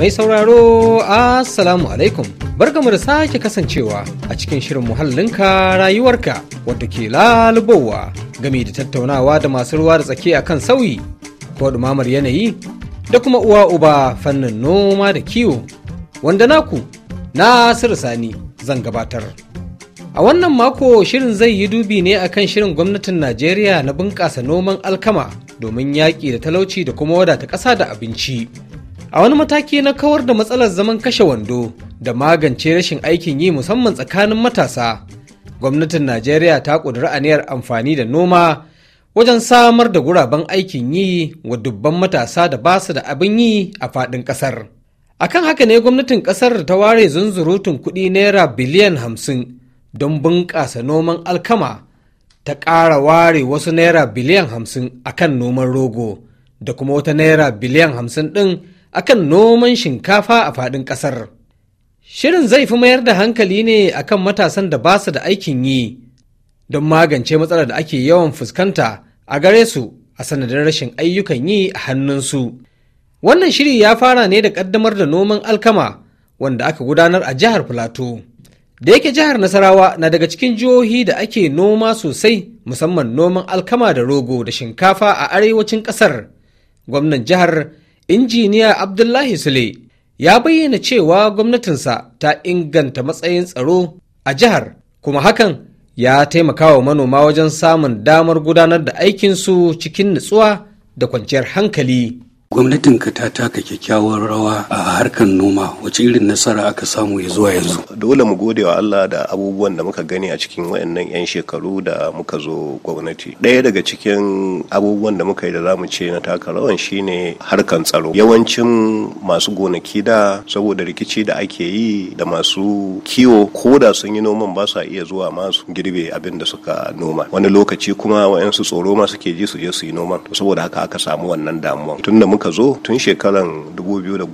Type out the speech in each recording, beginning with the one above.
Mai sauraro Assalamu alaikum barkamu da sake kasancewa a cikin shirin muhallinka rayuwarka wadda ke lalubowa game da tattaunawa da masu ruwa da tsaki a kan sauyi ko ɗumamar yanayi da kuma uwa uba fannin noma da kiwo wanda naku na Sani zan gabatar. A wannan mako shirin zai yi dubi ne akan shirin gwamnatin Najeriya na bunƙasa noman alkama domin yaƙi da talauci da kuma wadata ƙasa da abinci. A wani mataki na kawar da matsalar zaman kashe wando da magance rashin aikin yi musamman tsakanin matasa, gwamnatin Najeriya ta ƙudiri aniyar amfani da noma wajen samar da guraben aikin yi wa dubban matasa da ba su da abin yi a faɗin ƙasar. Akan haka ne gwamnatin ƙasar ta ware zunzurutun kuɗi naira biliyan hamsin don bunƙasa noman alkama ta ƙara ware wasu naira biliyan hamsin a kan noman rogo da kuma wata naira biliyan hamsin ɗin akan noman shinkafa a faɗin ƙasar. Shirin zai fi mayar da hankali ne akan matasan da ba su da aikin yi don magance matsalar da ake yawan fuskanta a gare su a sanadin rashin ayyukan yi a hannunsu. Wannan shiri ya fara ne da ƙaddamar da noman alkama wanda aka gudanar a jihar Filato. Da yake jihar Nasarawa na daga cikin jihohi da ake noma sosai musamman noman alkama da rogo da shinkafa a arewacin ƙasar. Gwamnan jihar injiniya abdullahi sule ya bayyana cewa gwamnatinsa ta inganta matsayin tsaro a jihar kuma hakan ya taimakawa manoma wajen samun damar gudanar da aikinsu cikin nutsuwa da kwanciyar hankali. Gwamnatinka ta taka kyakkyawar rawa a harkar noma wace irin nasara aka samu ya zuwa yanzu. Dole mu gode wa Allah da abubuwan da muka gani a cikin wayannan 'yan shekaru da muka zo gwamnati. Daya daga cikin abubuwan da muka yi da zamu ce na taka rawan shine harkan tsaro. Yawancin masu gonaki da saboda rikici da ake yi da masu kiwo ko da sun yi noman ba sa iya zuwa masu girbe abin da suka noma. Wani lokaci kuma wayansu tsoro ma suke ji su je su yi noman. Saboda haka aka samu wannan damuwa. Tunda muka zo tun shekaran 2019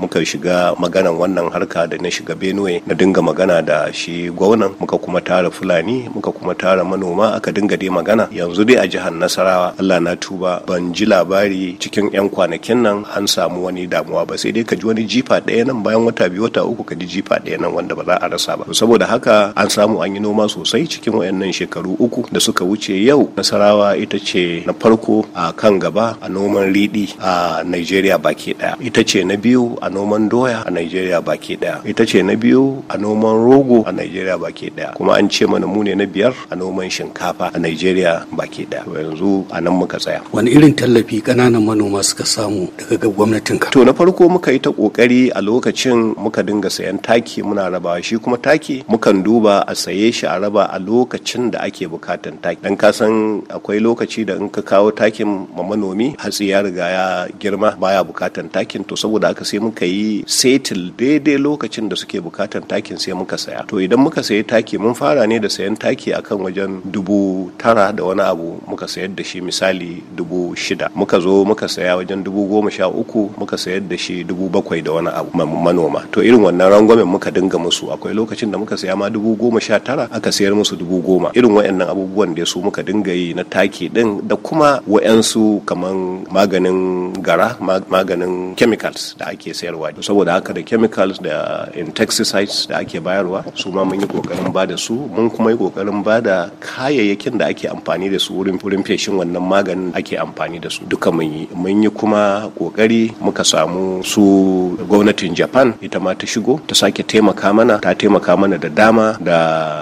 muka shiga maganan wannan harka da na shiga benue na dinga magana da shi gwamnan muka kuma tara fulani muka kuma tara manoma aka dinga dai magana yanzu dai a jihar nasarawa allah na tuba ban ji labari cikin 'yan kwanakin nan an samu wani damuwa ba sai dai ka ji wani jifa ɗaya nan bayan wata biyu wata uku ka ji jifa ɗaya nan wanda ba za a rasa ba saboda haka an samu an yi noma sosai cikin wayannan shekaru uku da suka wuce yau nasarawa ita ce na farko a kan gaba a noman riɗi a Nigeria baki daya ita ce na biyu a noman doya a Nigeria baki daya ita ce na biyu a noman rogo a Nigeria baki daya kuma an ce mana mu ne na biyar a noman shinkafa a Nigeria baki daya yanzu a nan muka tsaya wani irin tallafi kananan manoma suka samu daga gwamnatin ka to na farko muka yi ta kokari a lokacin muka dinga sayan taki muna rabawa shi kuma taki mukan duba a saye shi a raba a lokacin da ake bukatan taki dan ka san akwai lokaci da in ka kawo takin ma manomi hatsi ya riga ya girma baya bukatan takin to saboda haka sai muka yi setil daidai lokacin da suke bukatan takin sai muka saya to idan muka sayi taki mun fara ne da sayan taki akan wajen dubu tara da wani abu muka sayar da shi misali dubu shida muka zo muka saya wajen dubu goma sha uku muka sayar da shi dubu bakwai da wani abu manoma to irin wannan rangwamen muka dinga musu akwai lokacin da muka saya ma dubu goma sha tara aka sayar musu dubu goma irin waɗannan abubuwan da su muka dinga yi na taki din da kuma wa'yansu kaman maganin gara maganin chemicals da ake sayarwa saboda haka da chemicals da insecticides da ake bayarwa su ma mun yi kokarin ba da su mun kuma yi kokarin ba da kayayyakin da ake amfani da su wurin wurin feshin wannan maganin ake amfani da su duka mun yi mun yi kuma kokari muka samu su gwamnatin Japan ita ma ta shigo ta sake taimaka mana ta taimaka mana da dama da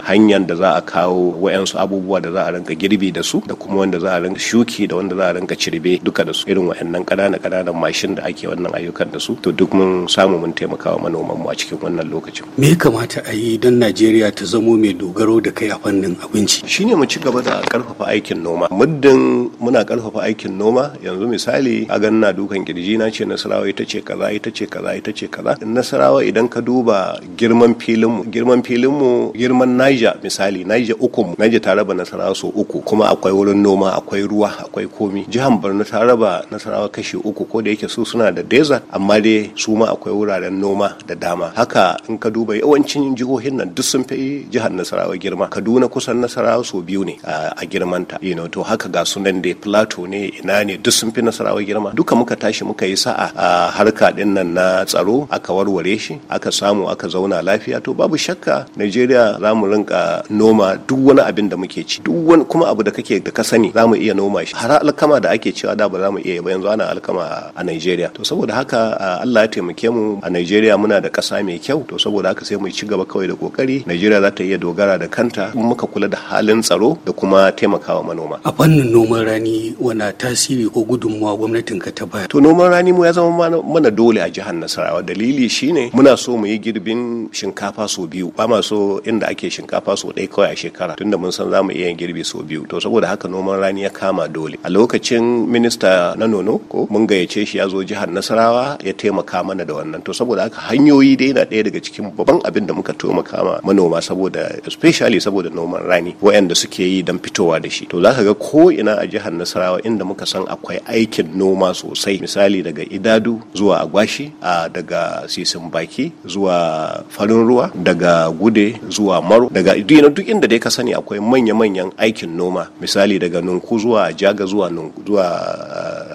hanyar da za a kawo wayansu abubuwa da za a rinka girbi da su da kuma wanda za a rinka shuki da wanda za a rinka cirbe duka da su irin wayannan ƙanana kananan mashin da ake wannan ayyukan da su to duk mun samu mun taimakawa wa manoman mu a cikin wannan lokacin me ya kamata a yi don Najeriya ta zamo mai dogaro da kai a fannin abinci shine mu ci gaba da karfafa aikin noma muddin muna karfafa aikin noma yanzu misali a ganna dukan kirji na ce Nasarawa ita ce kaza ita ce kaza ita ce kaza Nasarawa idan ka duba girman filin mu girman filin mu girman Niger misali Niger uku mu Niger ta raba Nasarawa so uku kuma akwai wurin noma akwai ruwa akwai komi jihar Borno ta raba Nasarawa kashi uku ko da yake su suna da desert amma dai su ma akwai wuraren noma da dama haka in ka duba yawancin jihohin nan duk sun fi jihar nasarawa girma kaduna kusan nasarawa so biyu ne a girmanta you know, to haka ga sunan da plateau ne ina ne duk sun fi nasarawa girma duka muka tashi muka yi sa'a a harka din nan na tsaro aka warware shi aka samu aka zauna lafiya to babu shakka najeriya za mu rinka noma duk wani abin da muke ci duk wani kuma abu da kake da ka sani za mu iya noma shi har alkama da ake cewa da ba za mu iya ba yanzu ana alkama a Nigeria to saboda haka Allah ya taimake mu a Nigeria muna da ƙasa mai kyau to saboda haka sai mu ci gaba kawai da kokari Nigeria za ta iya dogara da kanta in muka kula da halin tsaro da kuma taimakawa manoma a fannin noman rani wana tasiri ko gudunmuwa gwamnatin ka ta bayar? to noman rani mu ya zama mana dole a jihar Nasarawa dalili shine muna so mu yi girbin shinkafa so biyu ba ma so inda ake shinkafa so ɗaya kawai a shekara tunda mun san za mu iya girbi so biyu to saboda haka noman rani ya kama dole a lokacin minista na nono ko mun gayyace shi ya zo jihar nasarawa ya taimaka mana da wannan to saboda haka hanyoyi dai na ɗaya daga cikin babban abin da muka taimaka ma manoma saboda especially saboda noman rani wayanda suke yi dan fitowa da shi to zaka ga ko ina a jihar nasarawa inda muka san akwai aikin noma sosai misali daga idadu zuwa agwashi a daga sisin baki zuwa farin ruwa daga gude zuwa maro daga duk inda dai ka sani akwai manya-manyan aikin noma misali daga nunku zuwa jaga zuwa zuwa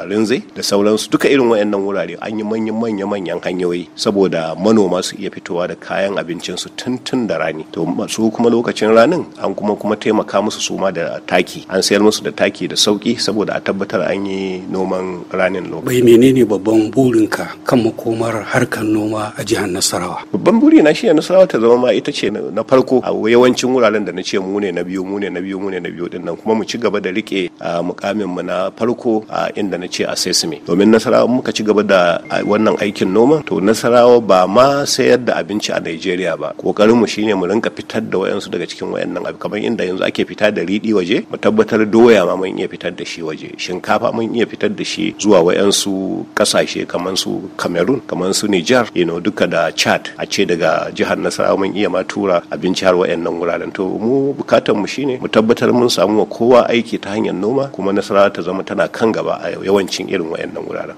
rinze da sauransu duka irin wayannan wurare an yi manyan manya manyan hanyoyi saboda manoma su iya fitowa da kayan abincinsu tun tun da rani to su kuma lokacin ranin an kuma kuma taimaka musu su ma da taki an sayar musu da taki da sauki saboda a tabbatar an yi noman ranin lokaci bai menene babban burinka kan makomar harkar noma a jihar nasarawa babban buri na shi nasarawa ta zama ma ita ce na farko a yawancin wuraren da na ce mu ne na biyu mu ne na biyu mu ne na biyu din nan kuma mu ci gaba da rike ah, mukamin mu na farko a ah, inda na ce a sai sai su me domin nasarawa muka ci gaba da wannan aikin noma to nasarawa ba ma sayar da abinci a Najeriya ba kokarin mu shine mu rinka fitar da wayansu daga cikin wayannan abu kamar inda yanzu ake fita da riɗi waje mu tabbatar doya ma mun iya fitar da shi waje shinkafa mun iya fitar da shi zuwa wayansu kasashe kamar su Cameroon kamar su Niger you know duka da Chad a ce daga jihar Nasarawa mun iya ma tura abinci har wayannan wuraren to mu bukatar mu shine mu tabbatar mun samu wa kowa aiki ta hanyar noma kuma Nasarawa ta zama tana kan gaba a yawancin irin irin wayannan wuraren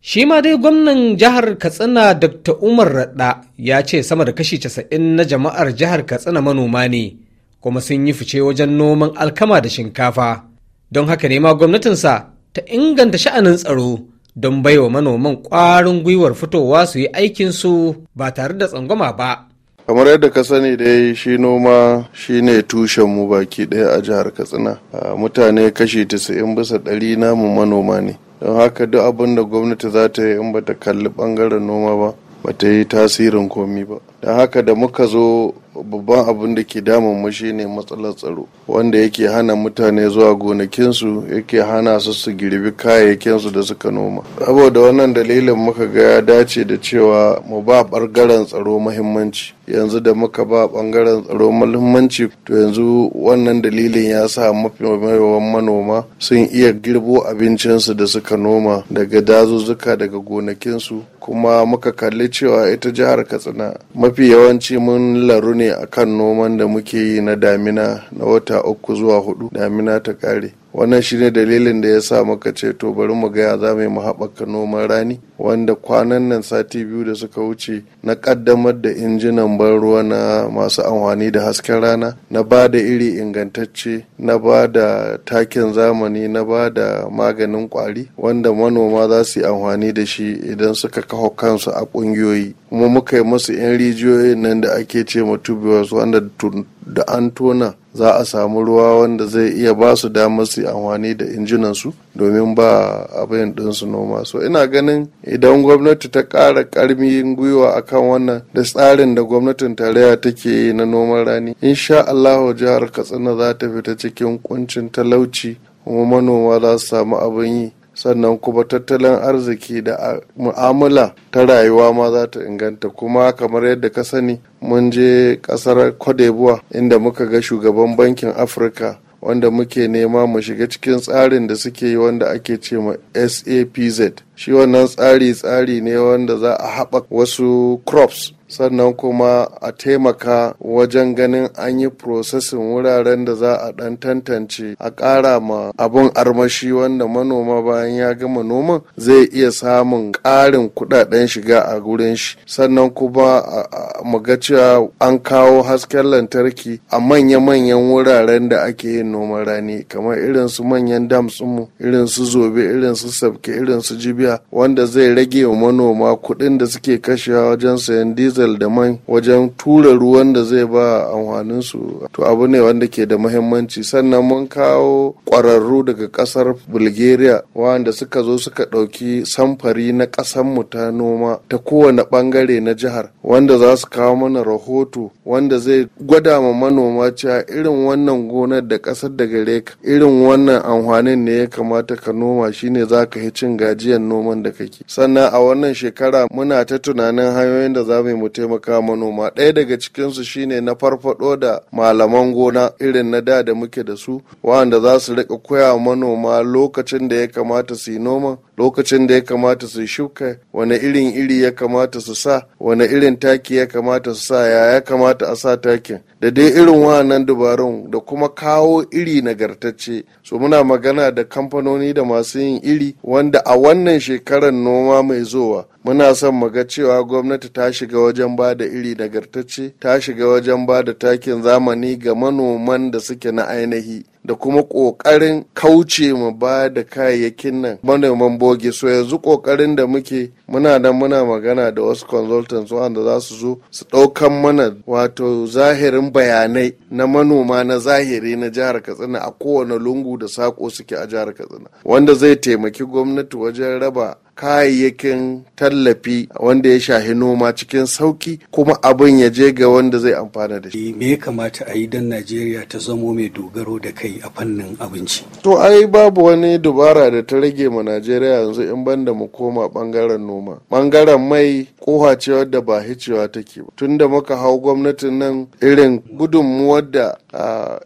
shi ma dai gwamnan jihar katsina dr umar radda ya ce sama da kashi casa'in na jama'ar jihar katsina manoma ne kuma sun yi fice wajen noman alkama da shinkafa don haka ne ma gwamnatinsa ta inganta sha'anin tsaro don baiwa manoman ƙwarin gwiwar fitowa su yi aikinsu ba tare da tsangwama ba kamar yadda ka sani dai shi noma shi ne tushen mu baki ɗaya a jihar katsina ah, mutane kashi 90 bisa ɗari namu manoma ne don haka duk abin da gwamnati za ta yi in ba ta kalli bangaren noma ba ba ta yi tasirin komi ba da haka da muka zo babban abin da ke damun mu shine matsalar tsaro wanda yake hana mutane zuwa gonakinsu yake hana su su girbi kayayyakinsu da suka noma saboda wannan dalilin muka ga ya dace da cewa mu ba ɓangaren tsaro muhimmanci yanzu da muka ba bangaren tsaro muhimmanci to yanzu wannan dalilin ya sa mafi mayawan manoma sun iya girbo abincinsu da suka noma daga dazuzzuka daga gonakinsu kuma muka kalli cewa ita jihar katsina mafi yawanci mun laru ne kan noman da muke yi na damina na wata uku zuwa hudu damina ta kare wannan shine dalilin da ya sa muka ce to bari mu gaya za mu haɓaka noman rani wanda kwanan nan sati biyu da suka wuce na kaddamar da injinan ban ruwa na masu amfani da hasken rana na ba da iri ingantacce na ba da takin zamani na ba da maganin kwari wanda manoma za su yi amfani da shi idan suka kawo kansu a kungiyoyi kuma muka yi masu 'yan rijiyoyin nan da ake ce tubuwa wanda da an tona za a samu ruwa wanda zai iya ba su damar su amfani da injinansu domin ba abin ɗinsu noma so ina ganin idan gwamnati ta ƙara ƙarmin gwiwa akan wannan da tsarin da gwamnatin tarayya take yi na noman rani insha allahu jihar katsina za ta fita cikin kuncin talauci kuma manoma za su samu abin yi sannan kuma tattalin arziki da mu'amala ta rayuwa ma za ta inganta kuma kamar yadda ka sani mun je kasar kwadebuwa inda muka ga shugaban bankin afirka wanda muke nema mu shiga cikin tsarin da suke yi wanda ake ce ma sapz shi wannan tsari tsari ne wanda za a haɓa wasu crops sannan kuma a taimaka wajen ganin an yi processing wuraren da za a ɗan tantance a ƙara ma abun armashi wanda manoma bayan ya gama noman zai iya samun ƙarin kuɗaɗen shiga a gurin shi sannan kuma mu ga cewa an kawo hasken lantarki a manya-manyan wuraren da ake yin noman rani kamar irin su manyan dams mu irin su zobe irin su sabke irin su jibi Arabia wanda zai rage wa manoma kuɗin da suke kashewa wajen sayan diesel da man wajen tura ruwan da zai ba amfanin su to abu ne wanda ke da muhimmanci sannan mun kawo ƙwararru daga ƙasar bulgaria wanda suka zo suka ɗauki samfari na ƙasar mu ta noma ta kowane ɓangare na jihar wanda za su kawo mana rahoto wanda zai gwada ma manoma cewa irin wannan gonar da ƙasar da gare ka irin wannan amfanin ne ya kamata ka noma shine za ka cin gajiyar noman da kake sannan a wannan shekara muna ta tunanin hanyoyin da za mu taimaka manoma ɗaya daga cikinsu shine na farfado da malaman gona irin na da da muke da su wanda za su riƙa koya manoma lokacin da ya kamata su yi noman. lokacin da ya kamata su shuka wani irin iri ya kamata su sa wani irin taki ya kamata su sa ya ya kamata a sa takin da dai irin wannan dubarun da kuma kawo iri nagartacce su muna magana da kamfanoni da masu yin iri wanda a wannan shekarar noma mai zowa muna son mu ga cewa gwamnati ta shiga wajen ba da iri nagartacce ta shiga wajen ba da takin zamani ga manoman da suke na ainihi da kuma ƙoƙarin kauce mu ba da kayayyakin nan manoman bogi so yanzu ƙoƙarin da muke muna nan muna magana da wasu consultants wanda za su zo su ɗaukan mana wato zahirin bayanai na manoma na zahiri na jihar katsina a kowane lungu da sako suke a jihar katsina wanda zai taimaki gwamnati wajen raba kayayyakin tallafi wanda ya shahi noma cikin sauki kuma abin ya je ga wanda zai amfana da shi. Eh, me ya kamata a yi don Najeriya ta zamo mai dogaro da kai a fannin abinci? To ai babu wani dubara da ta rage ma Najeriya yanzu in banda mu koma bangaren noma. Bangaren mai kowa ce wadda ba hicewa take ba. tun da muka hau gwamnatin nan irin gudunmuwar da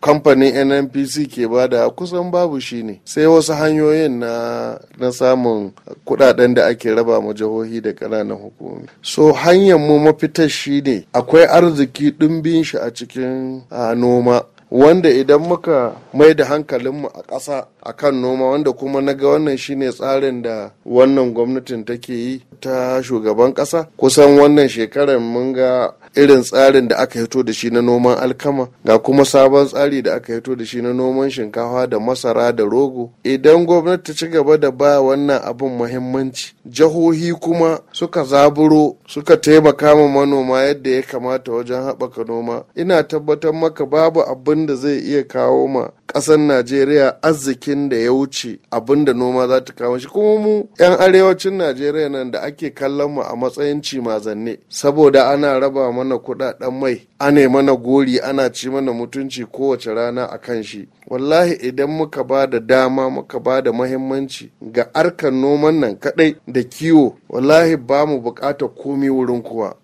kamfanin NNPC ke bada kusan babu shi ne. Sai wasu hanyoyin na samun kuɗaɗe. waɗanda ake raba ma jihohi da ƙananan hukumomi so hanyar mu mafitar shi ne akwai arziki ɗumbin shi a cikin ah, noma wanda idan muka mai da hankalinmu a ƙasa a kan noma wanda kuma na ga wannan shine tsarin da wannan gwamnatin take yi ta shugaban ƙasa kusan wannan shekarar mun ga irin tsarin da aka hito da shi na noman alkama ga kuma sabon tsari da aka hito da shi na noman shinkafa da masara da rogo idan gwamnati ta ci gaba da ba wannan abin muhimmanci jihohi kuma suka zaburo suka taimaka ma manoma yadda ya kamata wajen haɓaka noma ina tabbatar maka babu abin abin zai iya kawo ma ƙasar najeriya arzikin da ya wuce abin da noma za ta kawo shi kuma mu 'yan arewacin najeriya nan da ake kallon mu a matsayin cimazanne saboda ana raba mana kuɗaɗen mai ana mana gori ana ci mana mutunci kowace rana a kan shi wallahi idan muka ba da dama muka ba da mahimmanci ga arkan noman nan kaɗai da kiwo wallahi ba mu bukata komi wurin kuwa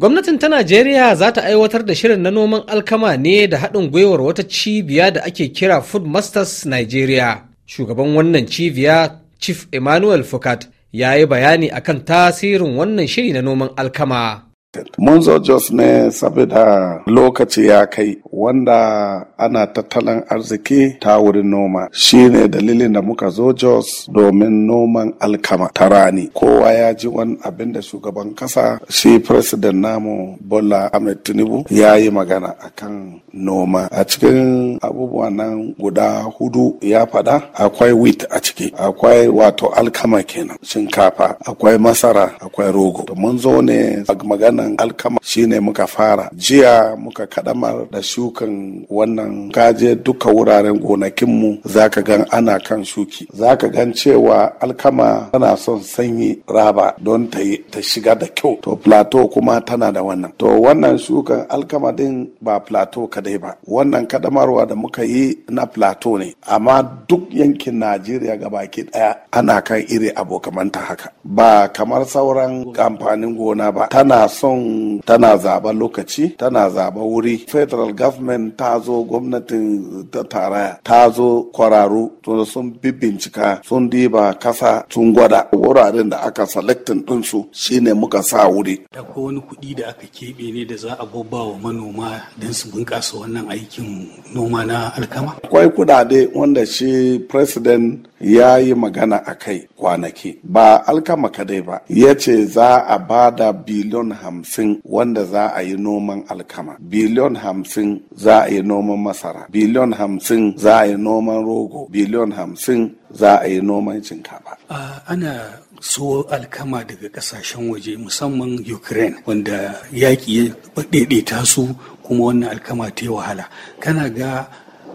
Gwamnatin ta Najeriya za ta aiwatar da shirin na noman alkama ne da haɗin gwiwar wata cibiya da ake kira Food Masters Nigeria. Shugaban wannan cibiya Chief Emmanuel Fukat ya yi bayani akan tasirin wannan shiri na noman alkama. state mun zo jos ne saboda lokaci ya kai wanda ana tattalin arziki ta wurin noma shine dalilin da muka zo jos domin noman alkama ta rani kowa ya ji wani abin da shugaban kasa shi president namu bola ahmed tinubu ya yi magana akan noma a cikin abubuwa nan guda hudu ya faɗa akwai wheat a ciki akwai wato alkama kenan shinkafa akwai masara akwai rogo mun zo ne a magana wannan alkama shine muka fara jiya muka kadamar da shukan wannan kaje duka wuraren gonakinmu zaka gan ana kan shuki zaka gan cewa alkama tana son sanyi raba don ta ta shiga da kyau to plateau kuma tana da wannan to wannan shukan alkama din ba plateau kadai ba wannan kadamarwa da muka yi na plateau ne amma duk yankin najeriya gabaki daya ana kan iri abokamanta haka ba kamar sauran amfanin gona ba tana son son tana zaɓa lokaci tana zaɓa wuri federal government ta zo gwamnatin ta taraya ta zo kwararu sun bincika sun diba kasa sun gwada wuraren da aka selectin ɗinsu shine muka sa wuri. Akwai wani kuɗi da aka keɓe ne da za a babba wa manoma don su bunƙasa wannan aikin noma na alkama? Akwai kuɗaɗe wanda shi president ya yi magana a kai kwanaki ba alkama kadai ba ya ce za a ba da biliyon hamsin wanda za a yi noman alkama biliyon hamsin za a yi noman masara biliyon hamsin za a yi noman rogo biliyon hamsin za a yi noman shinkafa ana so alkama daga kasashen waje musamman ukraine wanda yaƙi ya daidaita su kuma wannan alkama ta yi wahala kana ga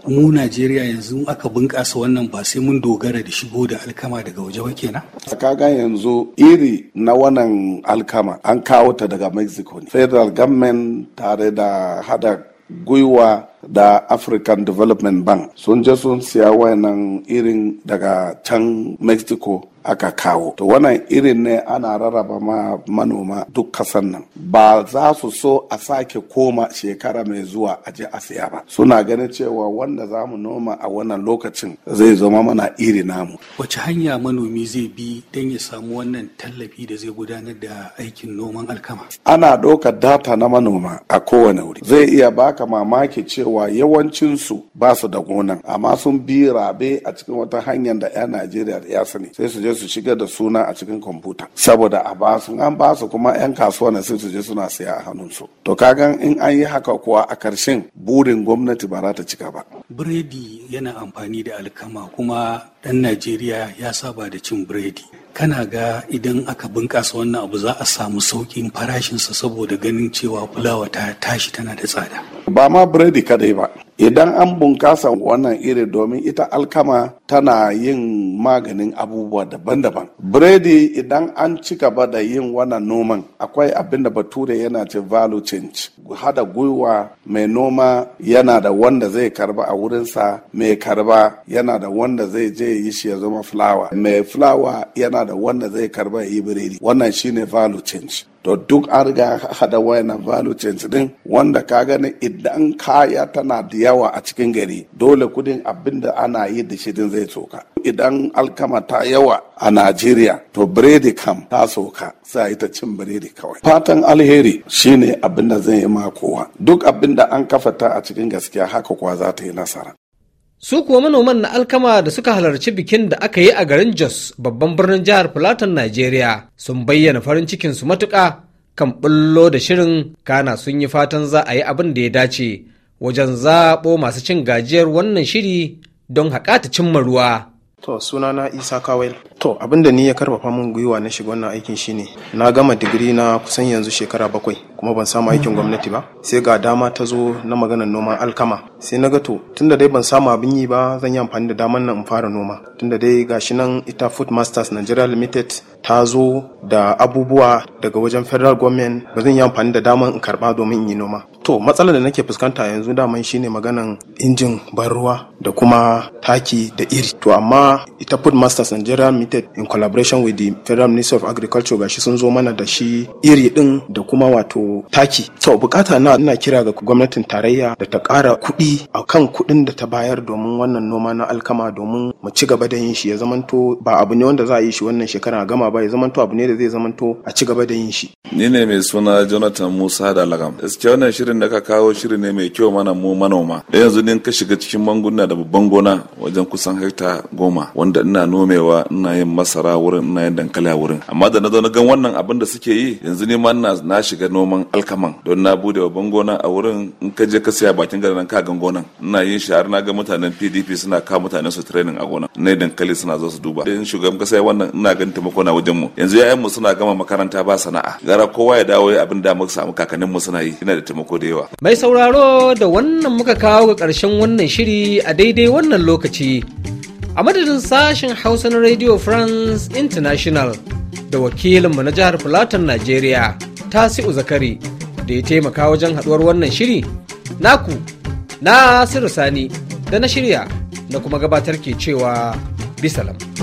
mu Najeriya yanzu aka bunƙasa wannan ba sai mun dogara da shigo da alkama daga waje ba kenan. Kaga yanzu iri na wannan alkama an kawo ta daga Mexico ne. Federal government tare da hada gwiwa da African Development Bank sun je sun siya wayannan irin daga can Mexico aka kawo to wannan irin ne ana rarraba ma manoma duk kasan nan ba za su so a sake koma shekara mai zuwa a je a siya ba suna ganin cewa wanda za mu noma a wannan lokacin zai zama mana iri namu wace hanya manomi zai bi don ya samu wannan tallafi da zai gudanar da aikin noman alkama ana ɗaukar data na manoma a kowane wuri zai iya baka mamaki cewa yawancinsu ba su da gonan amma sun bi rabe a cikin wata hanyar da 'yan najeriya ya sani sai su je su shiga da suna a cikin kwamfuta saboda a ba su an ba su kuma yan kasuwa ne sun su je suna siya a hannunsu to kagan in an yi haka kuwa a karshen burin gwamnati ba za ta cika ba biredi yana amfani da alkama kuma dan najeriya ya saba da cin biredi kana ga idan aka bunƙasa wannan abu za a samu sauƙin farashinsa saboda ganin cewa fulawa ta tashi tana da tsada. Ba ma biredi kadai ba. Idan an bunƙasa wannan iri domin ita alkama tana yin maganin abubuwa daban-daban. Biredi idan an ci gaba da yin wannan noman akwai abin da bature yana ce value change. Hada gwiwa mai noma yana da wanda zai karba a wurinsa mai karba yana da wanda zai je yi shi ya zama fulawa. Mai fulawa yana da wanda zai karba ya yi biredi wannan shine value change to duk an riga hada wayanan value change din wanda ka gani idan kaya tana da yawa a cikin gari dole kudin abinda ana yi da shi din zai soka idan alkama ta yawa a Najeriya to biredi kam ta soka sai ta cin biredi kawai fatan alheri shine abin da zai yi makowa duk abin da an kafa ta a cikin gaskiya haka kuwa za ta yi nasara Su kuwa manoman na alkama da suka halarci bikin da aka yi a garin Jos babban birnin jihar Filatan Najeriya sun bayyana farin cikinsu matuƙa kan ɓullo da shirin kana sun yi fatan za a yi abin da ya dace wajen zaɓo masu cin gajiyar wannan shiri don haƙata cimma ruwa. To suna na Isa Kawai. To abin da ni ya karfafa min gwiwa na shiga wannan aikin shine na gama digiri na kusan yanzu shekara bakwai. kuma ban samu aikin gwamnati ba sai ga dama ta zo na maganar noman alkama sai na ga to tunda dai ban samu abin yi ba zan yi amfani da daman nan in fara noma tunda dai gashi nan ita food masters nigeria limited ta zo da abubuwa daga wajen federal government ba zan yi amfani da daman in karba domin in yi noma to matsalar da nake fuskanta yanzu daman shine maganan injin ban ruwa da kuma taki da iri to amma ita food masters nigeria limited in collaboration with the federal ministry of agriculture gashi sun zo mana da shi iri din da kuma wato taki so bukata na ina kira ga gwamnatin tarayya da ta kara kuɗi a kan kuɗin da ta bayar domin wannan noma na alkama domin mu ci gaba da yin shi ya zamanto ba abu ne wanda za a yi shi wannan shekara a gama ba ya zamanto abu ne da zai zamanto a ci gaba da yin shi ni ne mai suna jonathan musa da lagam gaskiya wannan shirin da ka kawo shirin ne mai kyau mana mu manoma da yanzu ne ka shiga cikin manguna da babban gona wajen kusan hekta goma wanda ina nomewa ina yin masara wurin ina yin dankali a wurin amma da na zo na gan wannan abin da suke yi yanzu ne ma na shiga noman alkaman don na bude babban gona a wurin in ka je ka saya bakin garin nan ka gan gonan ina yin shi na ga mutanen PDP suna ka mutanen su training a gonan ne dankali suna zo su duba in shugaban kasa wannan ina ganin taimako na wajen mu yanzu yayan mu suna gama makaranta ba sana'a gara kowa ya dawo abin da muka samu kakannin mu suna yi ina da taimako da yawa mai sauraro da wannan muka kawo ga karshen wannan shiri a daidai wannan lokaci a madadin sashen hausa na radio france international da wakilinmu na jihar plateau nigeria. tasi'u zakari da ya taimaka wajen haɗuwar wannan shiri naku na sani da na shirya da kuma gabatar ke cewa bisalam.